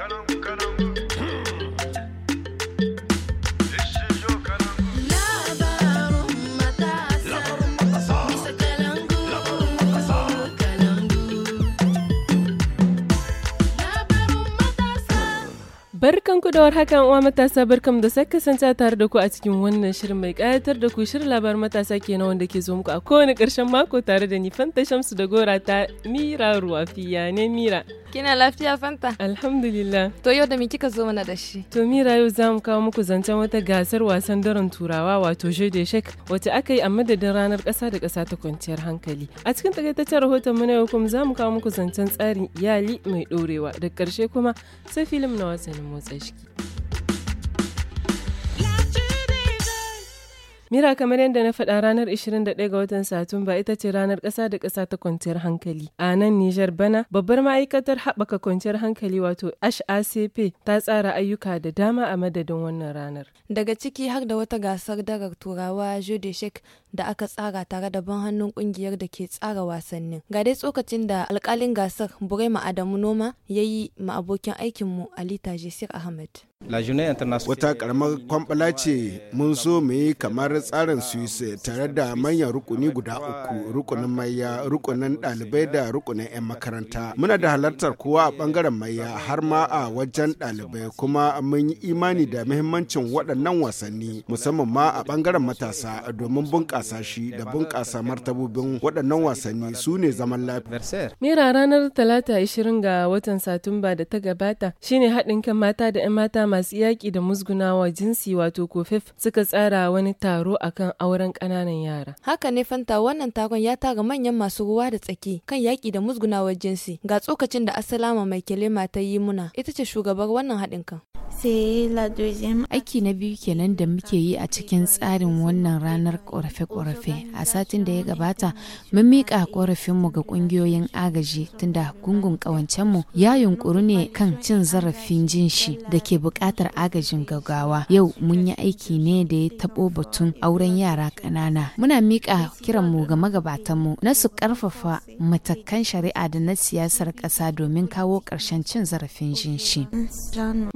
Barkan ku da warhaka uwa matasa barkam da sake kasance tare da ku a cikin wannan shirin mai kayatar da ku shirin labar matasa kenan wanda ke zo muku a kowane karshen mako tare da ni Fanta Shamsu da Gora ta Mira ne Mira. Kina lafiya Fanta? Alhamdulillah. To yau da me kika zo mana da shi? To Mira yau za mu kawo muku zancen wata gasar wasan daren Turawa wato Jeu de Shek wacce aka yi a madadin ranar ƙasa da ƙasa ta kwanciyar hankali. A cikin takaitaccen rahoton mu na yau kuma za mu kawo muku zancen tsarin iyali mai ɗorewa da ƙarshe kuma sai filim na wasannin motsa jiki. Mira kamar yadda na faɗa ranar 21 ga watan Satumba ita ce ranar ƙasa da ƙasa ta kwanciyar hankali. A nan Nijar bana babbar ma'aikatar haɓaka kwanciyar hankali wato HACP ta tsara ayyuka da dama a madadin wannan ranar. Daga ciki har da wata gasar darar turawa jude de da aka tsara tare da ban hannun kungiyar da ke tsara wasannin. Ga dai tsokacin da alkalin gasar Burema Adamu Noma ya yi ma abokin aikinmu Ali Tajisir Ahmed. Wata karamar kwambala ce mun so mu yi kamar tsarin Swiss tare da manyan rukuni guda uku, rukunin maya, rukunin ɗalibai da rukunin 'yan makaranta. Muna da halartar kowa a ɓangaren maya har ma a wajen ɗalibai kuma mun yi imani da muhimmancin waɗannan wasanni musamman ma a ɓangaren matasa domin bunƙasa bunƙasa shi da bunƙasa martabobin waɗannan wasanni su ne zaman lafiya. Mera ranar Talata 20 ga watan Satumba da ta gabata shine haɗin kan mata da 'yan mata masu yaƙi da musgunawa jinsi wato kofef suka tsara wani taro akan auren ƙananan yara. Haka ne fanta wannan taron ya taga manyan masu ruwa da tsaki kan yaƙi da musgunawa jinsi ga tsokacin da Asalama mai kelema ta yi muna ita ce shugabar wannan haɗin kan. Aiki na biyu kenan da muke yi a cikin tsarin wannan ranar ƙorafe-ƙorafe. A satin da ya gabata, mun miƙa ƙorafinmu ga ƙungiyoyin agaji tunda gungun ƙawancenmu ya yunƙuru ne kan cin zarafin jin shi da ke buƙatar agajin gaggawa. Yau mun yi aiki ne da ya taɓo batun auren yara ƙanana. Muna miƙa kiranmu ga magabatanmu na su ƙarfafa matakan shari'a da na siyasar ƙasa domin kawo ƙarshen cin zarafin jin shi.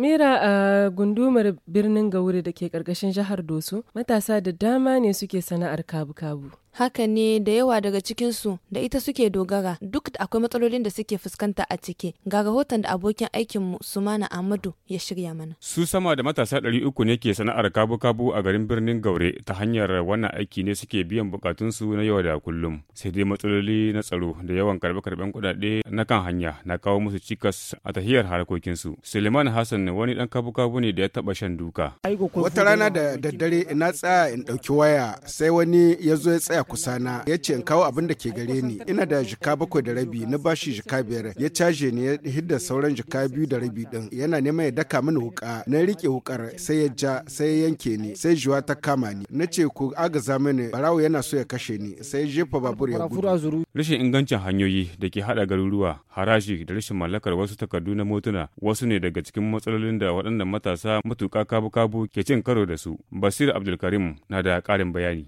Mira uh, gundumar birnin gauri da ke ƙarƙashin jihar Doso, matasa da dama ne suke sana'ar kabu-kabu. haka ne da yawa daga cikinsu da ita suke dogara duk da akwai matsalolin da suke fuskanta a ciki ga rahoton da abokin aikinmu sumana amadu ya shirya mana su sama da matasa 300 ne ke sana'ar kabu-kabu a garin birnin gaure ta hanyar wannan aiki ne suke biyan bukatunsu na yau da kullum sai dai matsaloli na tsaro da yawan karbe-karben kuɗaɗe na kan hanya na kawo musu cikas a tahiyar harkokinsu suleiman hassan wani dan kabu-kabu ne da ya taba shan duka wata rana da daddare na tsaya in ɗauki waya sai wani ya zo ya tsaya kusa na ya ce in kawo abin da ke gare ni ina da jika bakwai da rabi na bashi jika biyar ya caje ni ya hidda sauran jika biyu da rabi din yana neman ya daka mini wuka na rike wukar sai ya ja sai ya yanke ni sai juwa ta kama ni na ce ku agaza mini barawo yana so ya kashe ni sai jefa babur ya gudu. Rashin ingancin hanyoyi da ke hada garuruwa haraji da rashin mallakar wasu takardu na motuna wasu ne daga cikin matsalolin da waɗannan matasa matuƙa kabu-kabu ke cin karo da su. Basir Abdulkarim na da ƙarin bayani.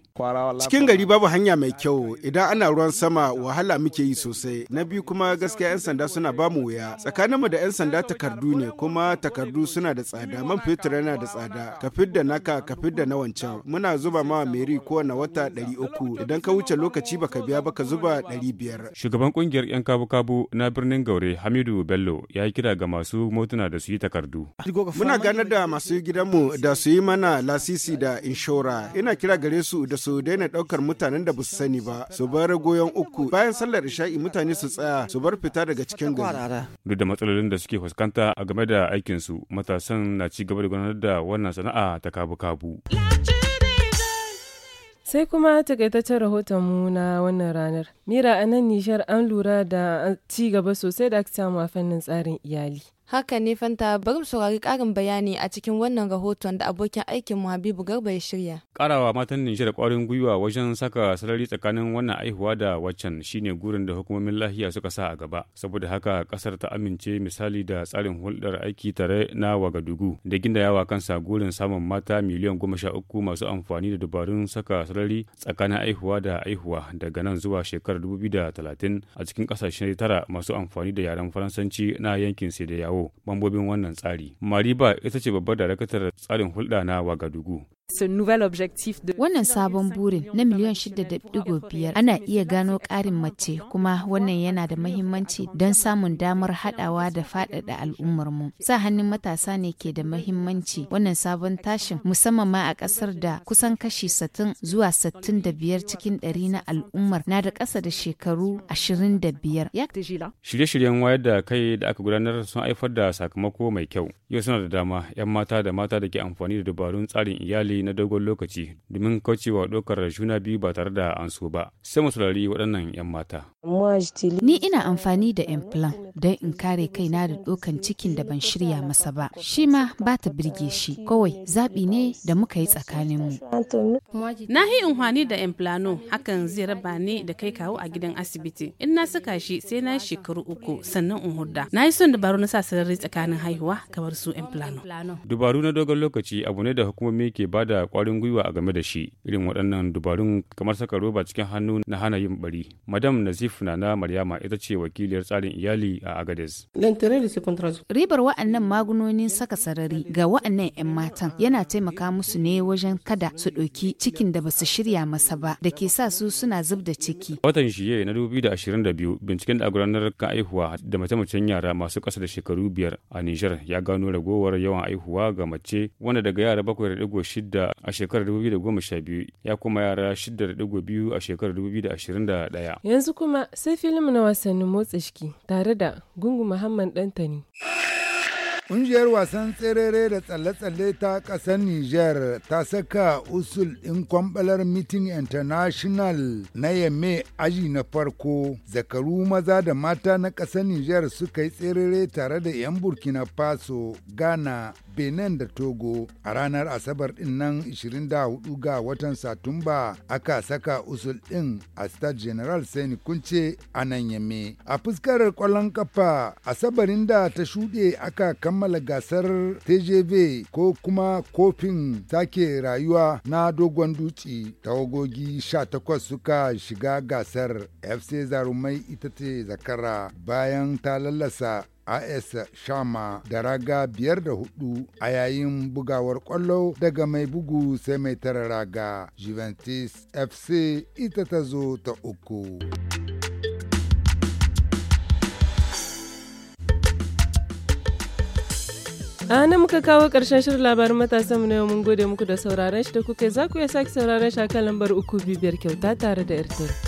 Cikin gari babu babu hanya mai kyau idan ana ruwan sama wahala muke yi sosai na biyu kuma gaskiya 'yan sanda suna ba mu wuya mu da 'yan sanda takardu ne kuma takardu suna da tsada man fetur yana da tsada ka fidda naka ka fidda na wancan muna zuba ma meri kowane wata 300 idan ka wuce lokaci baka biya ba ka zuba biyar. shugaban kungiyar 'yan kabu-kabu na birnin gaure hamidu bello ya yi kira ga masu motuna da su yi takardu muna ganar da masu gidanmu da su yi mana lasisi da inshora ina kira gare su da su daina daukar mutane mutanen da ba su sani ba su bar goyon uku bayan sallar isha'i mutane su tsaya su bar fita daga cikin gari. Duk da matsalolin da suke fuskanta a game da aikin su matasan na ci gaba da gudanar da wannan sana'a ta kabu-kabu. Sai kuma takaitaccen rahoton mu na wannan ranar. Mira a nan Nijar an lura da ci gaba sosai da aka samu a fannin tsarin iyali. Haka ne Fanta bari mu saurari karin bayani a cikin wannan rahoton da abokin aikin mu Habibu Garba ya shirya. karawa matan Nijar kwarin gwiwa wajen saka sarari tsakanin wannan aihuwa da waccan shine gurin da hukumomin lahiya suka sa a gaba. Saboda haka kasar ta amince misali da tsarin hulɗar aiki tare na Wagadugu da yawa kansa gurin samun mata miliyan goma sha uku masu amfani da dabarun saka sarari tsakanin aihuwa da aihuwa daga nan zuwa shekara shekarar 2030 a cikin kasashe tara masu amfani da yaren faransanci na yankin sai da yawo mambobin wannan tsari mariba ita ce babbar darakatar tsarin hulɗa na wagadugu Wannan sabon burin na miliyan 6.5 ana iya gano ƙarin mace kuma wannan yana da mahimmanci don samun damar haɗawa da faɗaɗa al'ummarmu. Sa hannun matasa ne ke da mahimmanci wannan sabon tashin musamman ma a ƙasar da kusan kashi satin zuwa da biyar cikin ɗari na al'ummar na da ƙasa da shekaru 25. Shirye-shiryen wayar da kai da aka gudanar sun haifar da sakamako mai kyau. Yau suna da dama 'yan mata da mata da ke amfani da dabarun tsarin iyali shiri na dogon lokaci domin kaucewa ɗaukar juna biyu ba tare da an so ba sai mu saurari waɗannan 'yan mata. Ni ina amfani da implan don in kare kaina da ɗaukan cikin da ban shirya masa ba. Shi ma ba ta birge shi kawai zaɓi ne da muka yi tsakanin mu. Na yi amfani da implano hakan zai raba ni da kai kawo a gidan asibiti. In na saka shi sai na yi shekaru uku sannan in hudda Na yi son dabaru na sa sarari tsakanin haihuwa kamar su implano. Dubaru na dogon lokaci abu ne da hukumomi ke ba da kwarin gwiwa a game da shi irin waɗannan dubarun kamar saka roba cikin hannu na hana yin bari madam nazif nana maryama ita ce wakiliyar tsarin iyali a agades ribar wa'annan magunonin saka sarari ga wa'annan 'yan matan yana taimaka musu ne wajen kada su ɗauki cikin da basu shirya masa ba da ke sa su suna zub da ciki watan shiye na 2022 binciken da gudanar kan aihuwa da mace-macen yara masu ƙasa da shekaru biyar a nijar ya gano ragowar yawan aihuwa ga mace wanda daga yara bakwai da shida shida a shekarar 2012 ya kuma yara 6.2 a shekarar 2021. Yanzu kuma sai filim na wasannin motsa shiki tare da Gungu Muhammad Dantani. Ƙungiyar wasan tserere da tsalle-tsalle ta ƙasar Nijar ta saka usul ɗin kwamɓalar Meeting International na Yamme aji na farko. Zakaru maza da mata na ƙasar Nijar suka yi tserere tare da 'yan Burkina Faso, Ghana, benin da togo a ranar asabar din nan 24 ga watan satumba aka saka usul din a stade general sani kunce a nan yame a fuskar kwallon kafa asabarin da ta shuɗe aka kammala gasar tjv ko kuma kofin sake rayuwa na dogon dutse tawagogi 18 suka shiga gasar fc zarumai ita ce zakara bayan ta lallasa AS Shama da raga biyar da hudu a yayin bugawar kwallo daga mai bugu sai mai tara raga Juventus FC ita ta zo ta uku. A nan muka kawo ƙarshen shirin labarin matasan mu na yau mun gode muku da sauraron shi da kuka za ku iya sake sauraron shi a kan lambar uku biyar kyauta tare da Airtel.